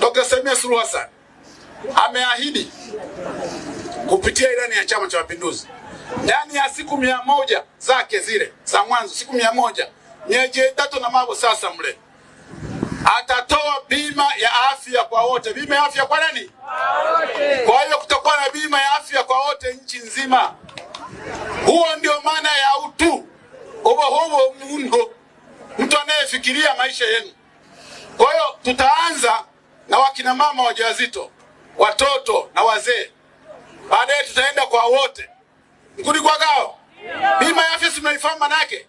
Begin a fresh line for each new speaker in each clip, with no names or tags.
Dr. Samia Suluhu Hassan ameahidi kupitia ilani ya Chama cha Mapinduzi ndani ya siku mia moja zake zile za mwanzo, siku mia moja nyeje tatu na mambo sasa mle atatoa bima ya afya kwa wote. Bima ya afya kwa nani? Kwa hiyo kutakuwa na bima ya afya kwa wote nchi nzima. Huo ndio maana ya utu ubohubo muundo, mtu anayefikiria maisha yenu. Kwa hiyo tutaanza na wakina mama wajawazito, watoto na wazee. Baadaye tutaenda kwa wote mkuni kwa gao bima ya afya, mnaifahamu manake,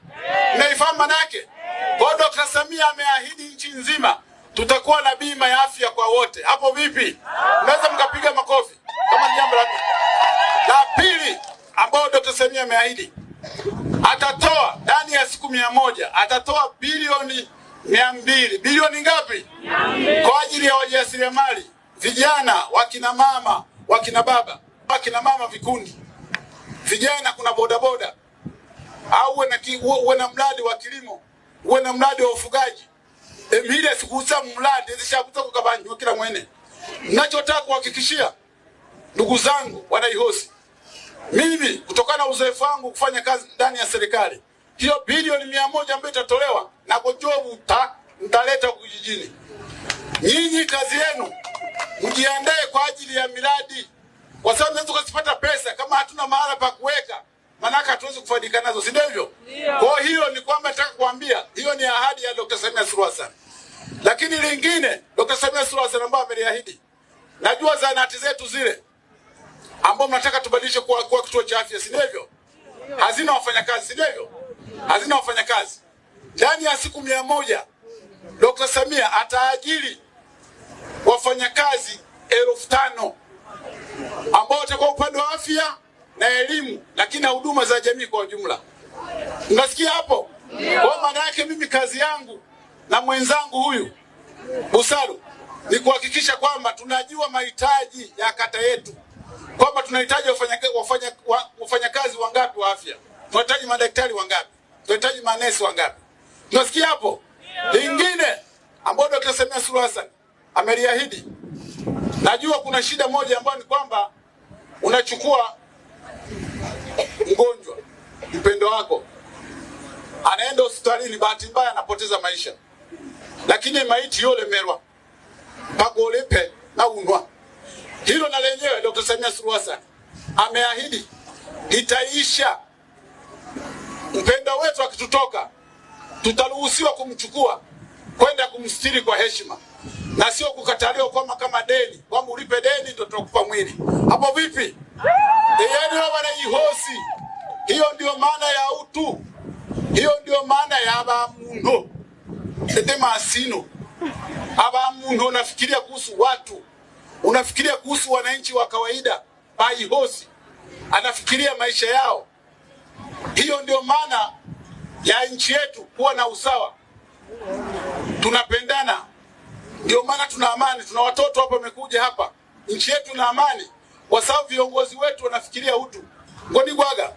mnaifahamu manake. yake. Kwa Dkt. Samia ameahidi nchi nzima tutakuwa na bima ya afya kwa wote. Hapo vipi? Mnaweza mkapiga makofi kama jambo la la pili ambayo Dokta Samia ameahidi atatoa ndani ya siku mia moja atatoa bilioni mia mbili bilioni ngapi? Kwa ajili ya wajasiriamali vijana, wakina mama, wakina baba, wakina mama vikundi vijana, kuna bodaboda au uwe na mradi wa kilimo, uwe na mradi wa ufugaji emile sikuuza mradi zishakuza kukabanywa kila mwene. Ninachotaka kuhakikishia ndugu zangu wanaihosi, mimi kutokana na uzoefu wangu kufanya kazi ndani ya serikali hiyo bilioni mia moja ambayo itatolewa na kujovu mtaleta kijijini. Nyinyi kazi yenu mjiandae kwa ajili ya miradi, kwa sababu naweza ukazipata pesa kama hatuna mahala pa kuweka, maanake hatuwezi kufaidika nazo, si ndivyo? Kwa hiyo ni kwamba nataka kuambia hiyo ni ahadi ya Dr. Samia Suluhu Hassan. Lakini lingine Dr. Samia Suluhu Hassan ambayo ameliahidi, najua zahanati zetu zile ambao mnataka tubadilishe kuwa, kuwa kituo cha afya, si ndivyo? Hazina wafanyakazi, si ndivyo? hazina wafanyakazi. Ndani ya siku mia moja Dr. Samia ataajiri wafanyakazi elfu tano ambao watakuwa upande wa afya na elimu, lakini na huduma za jamii kwa ujumla. Unasikia hapo? Kwa maana yake mimi kazi yangu na mwenzangu huyu Busalu ni kuhakikisha kwamba tunajua mahitaji ya kata yetu, kwamba tunahitaji wafanyakazi wafanya, wafanya wangapi wa afya, tunahitaji madaktari wangapi tunahitaji manesi wangapi? Tunasikia hapo. Lingine ambayo Dkt. Samia Suluhu Hassan ameliahidi, najua kuna shida moja ambayo ni kwamba unachukua mgonjwa mpendo wako anaenda hospitalini, bahati mbaya anapoteza maisha, lakini maiti yolemerwa pagolipe na unwa hilo na lenyewe Dkt. Samia Suluhu Hassan ameahidi litaisha mpenda wetu akitutoka, tutaruhusiwa kumchukua kwenda kumstiri kwa heshima na sio kukataliwa kwama kama deni kwamba ulipe deni ndio tutakupa mwili. Hapo vipi? Yaani wao wanaihosi. Hiyo ndio maana ya utu, hiyo ndio maana ya bamundu masino aba abamundu. Unafikiria kuhusu watu, unafikiria kuhusu wananchi wa kawaida, baihosi anafikiria maisha yao hiyo ndio maana ya nchi yetu kuwa na usawa, tunapendana, ndio maana tuna amani. Tuna watoto hapa wamekuja hapa, nchi yetu na amani, kwa sababu viongozi wetu wanafikiria utu. gwaga